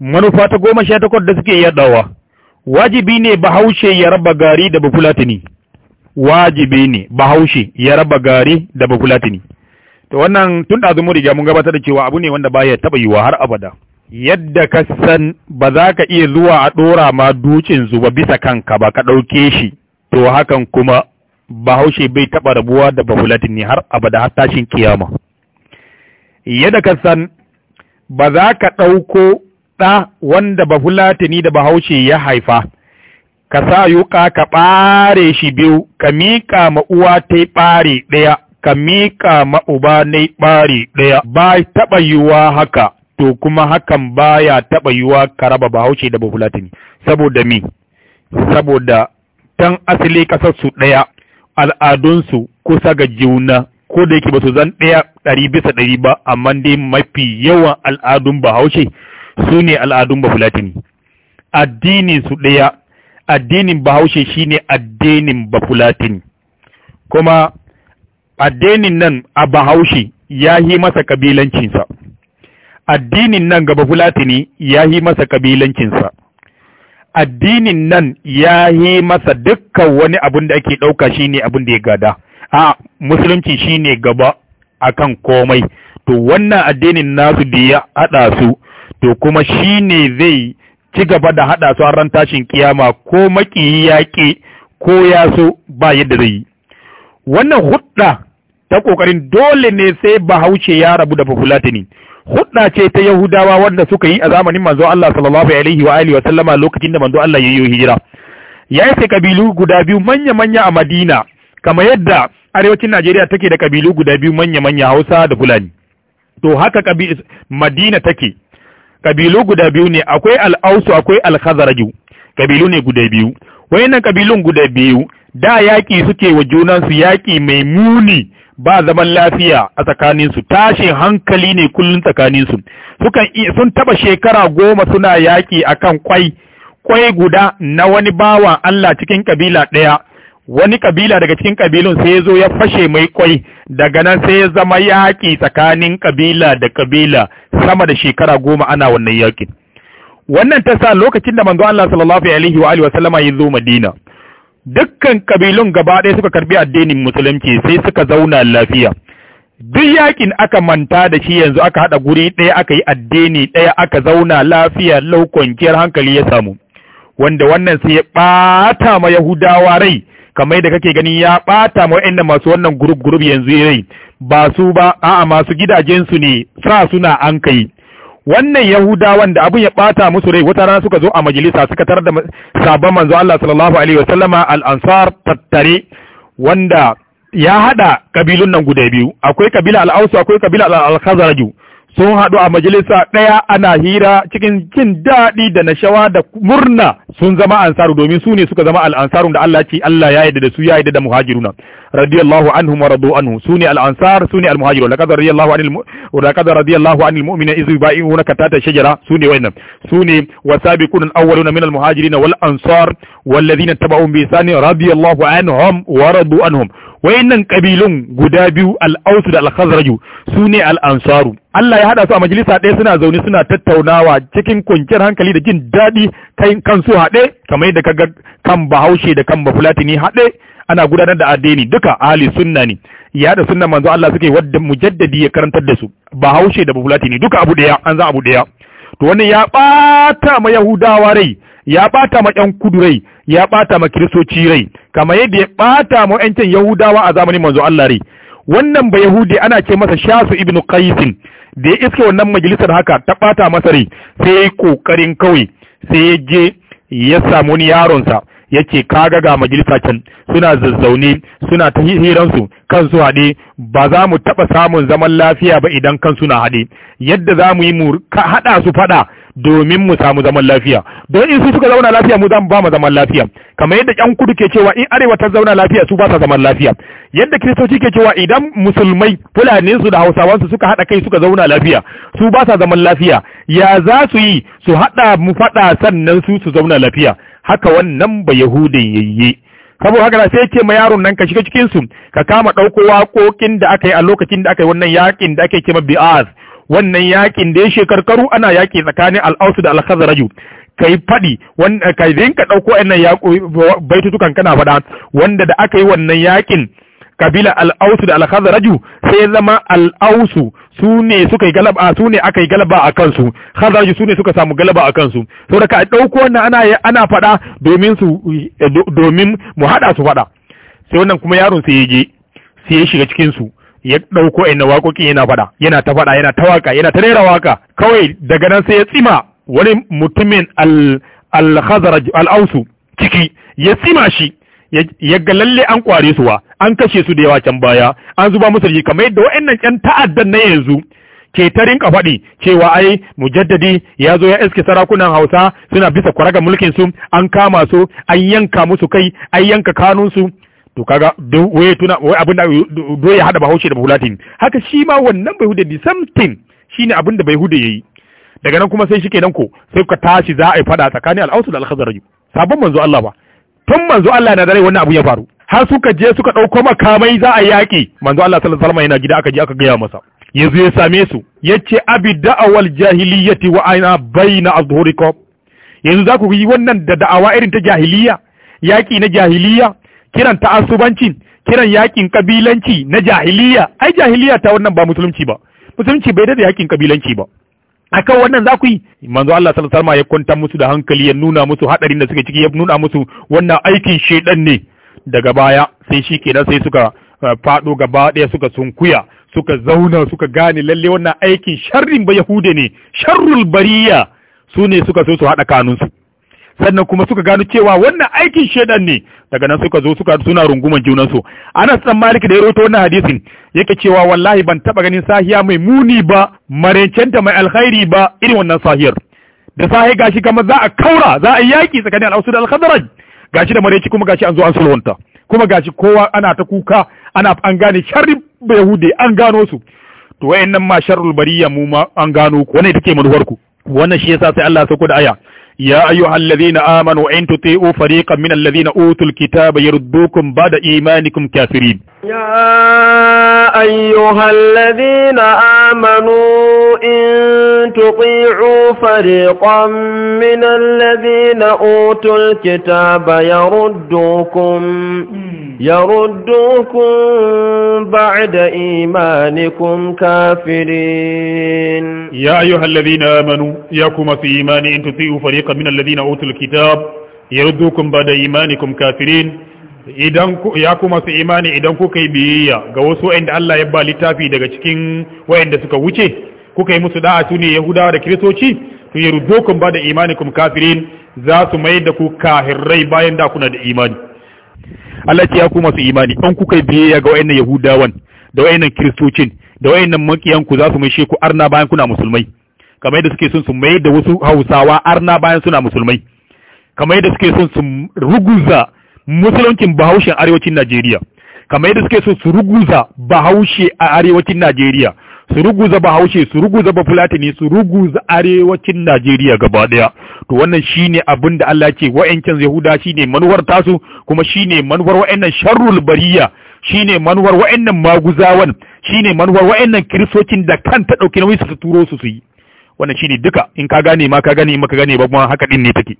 manufa ta goma sha takwas da suke yadawa wajibi ne bahaushe ya raba gari da bafulatini wajibi ne bahaushe ya raba gari da bafulatini to wannan tun da zumuri riga mun gabatar da cewa abu ne wanda baya taba yiwa har abada yadda ka san ba za ka iya zuwa a dora ma dukin zuba bisa kanka ba ka dauke shi to hakan kuma bahaushe bai taba rabuwa da bafulatini har abada har tashin kiyama yadda ka san ba za ka ɗauko ɗa wanda ba da bahaushe ya haifa ka sa yuka ka ɓare shi biyu ka miƙa ma uwa ta ɓare ɗaya ka miƙa ma uba yi ɓare ɗaya ba taɓa yiwuwa haka to kuma hakan ba ya taɓa yiwuwa ka raba bahaushe da bafulatani saboda mi saboda tan asali ƙasar ɗaya al'adunsu kusa ga juna ko da yake ba su zan ɗaya ɗari bisa ɗari ba amma dai mafi yawan al'adun bahaushe su ne al'adun fulatini addinin su ɗaya addinin bahaushe shine addinin fulatini kuma addinin nan a bahaushe ya yi masa kabilancinsa addinin nan gaba fulatini ya yi masa kabilancinsa addinin nan ya yi masa dukkan wani abin da ake ɗauka shine abin da ya gada a musulunci shine gaba akan komai to wannan addinin nasu da ya haɗa su to kuma shi ne zai ci gaba da haɗa su ran tashin kiyama ko maƙiyi yaƙi ko ya so ba yadda zai yi wannan hudda ta ƙoƙarin dole ne sai bahaushe ya rabu da bafulatani hudda ce ta yahudawa wanda suka yi a zamanin manzo Allah sallallahu alaihi wa alihi wa sallama lokacin da manzo Allah ya yi hijira ya yi kabilu guda biyu manya-manya a Madina kamar yadda arewacin Najeriya take da kabilu guda biyu manya-manya Hausa da Fulani to haka Madina take kabilu guda biyu ne akwai al'ausu akwai al-khazraju kabilu ne guda biyu wayannan kabilun guda biyu da yaƙi suke wa junan su yaƙi mai muni ba zaman lafiya a tsakaninsu tashin hankali ne kullum tsakaninsu sukan sun taba shekara goma suna yaƙi akan kwai kwai guda na wani bawan Allah cikin kabila ɗaya wani kabila daga cikin kabilun sai ya zo ya fashe mai kwai daga nan sai ya zama yaƙi tsakanin kabila da kabila sama da shekara goma ana wannan yaƙin wannan ta sa lokacin da manzo Allah sallallahu alaihi wa alihi wa sallama ya zo Madina dukkan kabilun gaba ɗaya suka karbi addinin musulunci sai suka zauna lafiya duk yaƙin aka manta da shi yanzu aka haɗa guri ɗaya aka yi addini ɗaya aka zauna lafiya lau hankali ya samu wanda wannan sai ya ɓata ma yahudawa rai kamar da kake gani ya ɓata ma wa'annan masu wannan group group yanzu yayi ba su ba a'a masu gidajen ne sa suna an kai wannan yahudawan da abun ya ɓata musu rai wata rana suka zo a majalisa suka tarar da sabon manzo Allah sallallahu alaihi wasallama al-ansar tattare wanda ya hada kabilun nan guda biyu akwai kabila al ausu akwai kabila al-khazraju sun haɗu a majalisa ɗaya ana hira cikin jin daɗi da na shawa da murna sun zama ansaru domin su ne suka zama al'ansarun da Allah ce Allah ya yarda da su ya yarda da muhajiruna radiyallahu anhum wa radu anhu su ne al'ansar su ne almuhajiru muhajiru laqad radiyallahu anil laqad radiyallahu anil mu'minina iz yubai'una katata shajara su ne wayannan su ne wasabiqun al-awwaluna min al-muhajirin wal ansar wal ladina tabauhum bi ihsan radiyallahu anhum wa radu anhum wayannan kabilun guda biyu al da al-Khazraju sune al-Ansaru Allah ya hada su a majalisa ɗaya suna zaune suna tattaunawa cikin kwanciyar hankali da jin daɗi kai su haɗe kamar yadda kaga kan Bahaushe da kan Bafulatini haɗe ana gudanar da addini duka ahli sunna ne ya da sunnan manzo Allah suke wadda mujaddadi ya karantar da su Bahaushe da Bafulatini duka abu daya an za abu daya to wannan ya bata ma Yahudawa rai ya bata ma ƴan kudu rai ya bata ma kiristoci rai kamar yadda ya bata ma ƴancin yahudawa a zamanin manzo Allah rai wannan ba yahudi ana ce masa shasu ibnu qaisin da ya iske wannan majalisar haka ta bata masa rai sai ya yi kokarin kawai sai ya je ya samu wani yaronsa yake kaga ga majalisa can suna zazzaune suna ta hiransu kansu haɗe ba za mu taɓa samun zaman lafiya ba idan kansu na haɗe yadda za mu yi mu haɗa su faɗa domin mu samu zaman lafiya don in su suka zauna lafiya mu zamu ba mu zaman lafiya kamar yadda ƴan kudu ke cewa in arewa ta zauna lafiya su ba sa zaman lafiya yadda kiristoci ke cewa idan musulmai fulani su da hausawansu suka haɗa kai suka zauna lafiya su ba sa zaman lafiya ya za su yi su haɗa mu faɗa sannan su su zauna lafiya haka wannan ba yahudin yayye saboda haka sai ce ma yaron nan ka shiga cikin su ka kama ɗauko waƙoƙin da aka yi a lokacin da aka yi wannan yaƙin da ake ce ma bi'az wannan yakin da ya shekarkaru ana yaki tsakanin al'ausu da al-khazraju kai faɗi, ka kai dinka dauko wannan baitutukan kana fada wanda da aka yi wannan yakin kabila al'ausu da al sai zama al'ausu su ne suka yi galaba su ne aka yi galaba a kansu khazraju su ne suka samu galaba a kansu ka ɗauko wannan ana ana domin su domin mu haɗa su faɗa. sai wannan kuma yaron sai ya je sai ya shiga cikin su ya ɗauko ina waƙoƙin yana faɗa yana ta faɗa yana ta waƙa yana ta rera waƙa kawai daga nan sai ya tsima wani mutumin al al'ausu ciki ya tsima shi ya ga lalle an kware wa an kashe su da yawa can baya an zuba musu jiki kamar yadda wa'annan ƴan ta'addan na yanzu ke ta rinka faɗi cewa ai mujaddadi ya zo ya iske sarakunan hausa suna bisa kwaragar mulkin su an kama su an yanka musu kai an yanka kanunsu. to kaga waye tuna wai abin da do ya hada bahaushe da bahulatin haka shi ma wannan bai di something shine abin da ya yayi daga nan kuma sai shi nan ko sai ka tashi za a yi fada tsakanin al-ausul al-khazraj sabon manzo Allah ba tun manzo Allah na dare wannan abu ya faru har suka je suka ɗauko makamai za a yaki. manzo Allah sallallahu alaihi wasallam yana gida aka je aka gaya masa yanzu ya same su yace abi da'awal jahiliyyati wa aina baina azhurikum yanzu za ku yi wannan da da'awa irin ta jahiliya Yaki na jahiliya kiran ta'asubanci, kiran yakin kabilanci na jahiliya ai jahiliya ta wannan ba musulunci ba musulunci bai da yakin kabilanci ba aka wannan za ku yi manzo Allah sallallahu alaihi wasallam ya kunta musu da hankali ya nuna musu hadarin da suke ciki ya nuna musu wannan aikin shedan ne daga baya sai shi kenan sai suka eh, fado gaba daya suka sunkuya suka zauna suka gane lalle wannan aikin sharrin ba yahude ne sharrul bariya su ne suka so su hada kanunsu sannan kuma suka gano cewa wannan aikin shedan ne daga nan suka zo suka suna runguman junansu Anas dan Malik da ya rawaito wannan hadisin yake cewa wallahi ban taba ganin sahiya mai muni ba da mai alkhairi ba irin wannan sahiyar da sahi gashi kamar za a kaura za a yaki tsakanin al da al-Khazraj gashi da mareci kuma gashi an zo an sulhunta kuma gashi kowa ana ta kuka ana an gane sharri Yahude an gano su to wayannan ma sharrul bariya mu ma an gano ku wannan take manuwar ku wannan shi yasa sai Allah ya sauko da aya يا أيها الذين آمنوا إن تطيعوا فريقا من الذين أوتوا الكتاب يردوكم بعد إيمانكم كافرين يا أيها الذين آمنوا إن تطيعوا فريقا من الذين أوتوا الكتاب يردوكم يردوكم بعد إيمانكم كافرين يا أيها الذين آمنوا ياكم في إيمان إن تطيعوا فريقا من الذين أوتوا الكتاب يردوكم بعد إيمانكم كافرين idan ya kuma su imani idan kuka yi biyayya ga wasu wa'anda Allah ya ba littafi daga cikin wa'anda suka wuce kuka yi musu da'a sune yahudawa da kiristoci to yarudukum ba da kum kafirin za su mai da ku kahirrai bayan da kuna da imani Allah ya ku masu imani an kuka yi biyayya ga wa'annan yahudawan da wa'annan kiristocin da wa'annan makiyan ku za su mai ku arna bayan kuna musulmai kamar yadda suke son su mai da wasu hausawa arna bayan suna musulmai kamar yadda suke son su ruguza musuluncin bahaushen arewacin Najeriya kamar yadda suke so su ruguza bahaushe a arewacin Najeriya su ruguza bahaushe su ruguza bafulatani su ruguza arewacin Najeriya gaba daya to wannan shine abin da Allah ce wa'ancan Yahuda shine manuwar tasu kuma shine manuwar wa'annan sharrul bariya shine manuwar wa'annan maguzawan shine manuwar wa'annan kiristocin da kan ta dauki nauyi su turo su su yi wannan shine duka in ka gane ma ka gane in ka gane ba kuma haka din ne take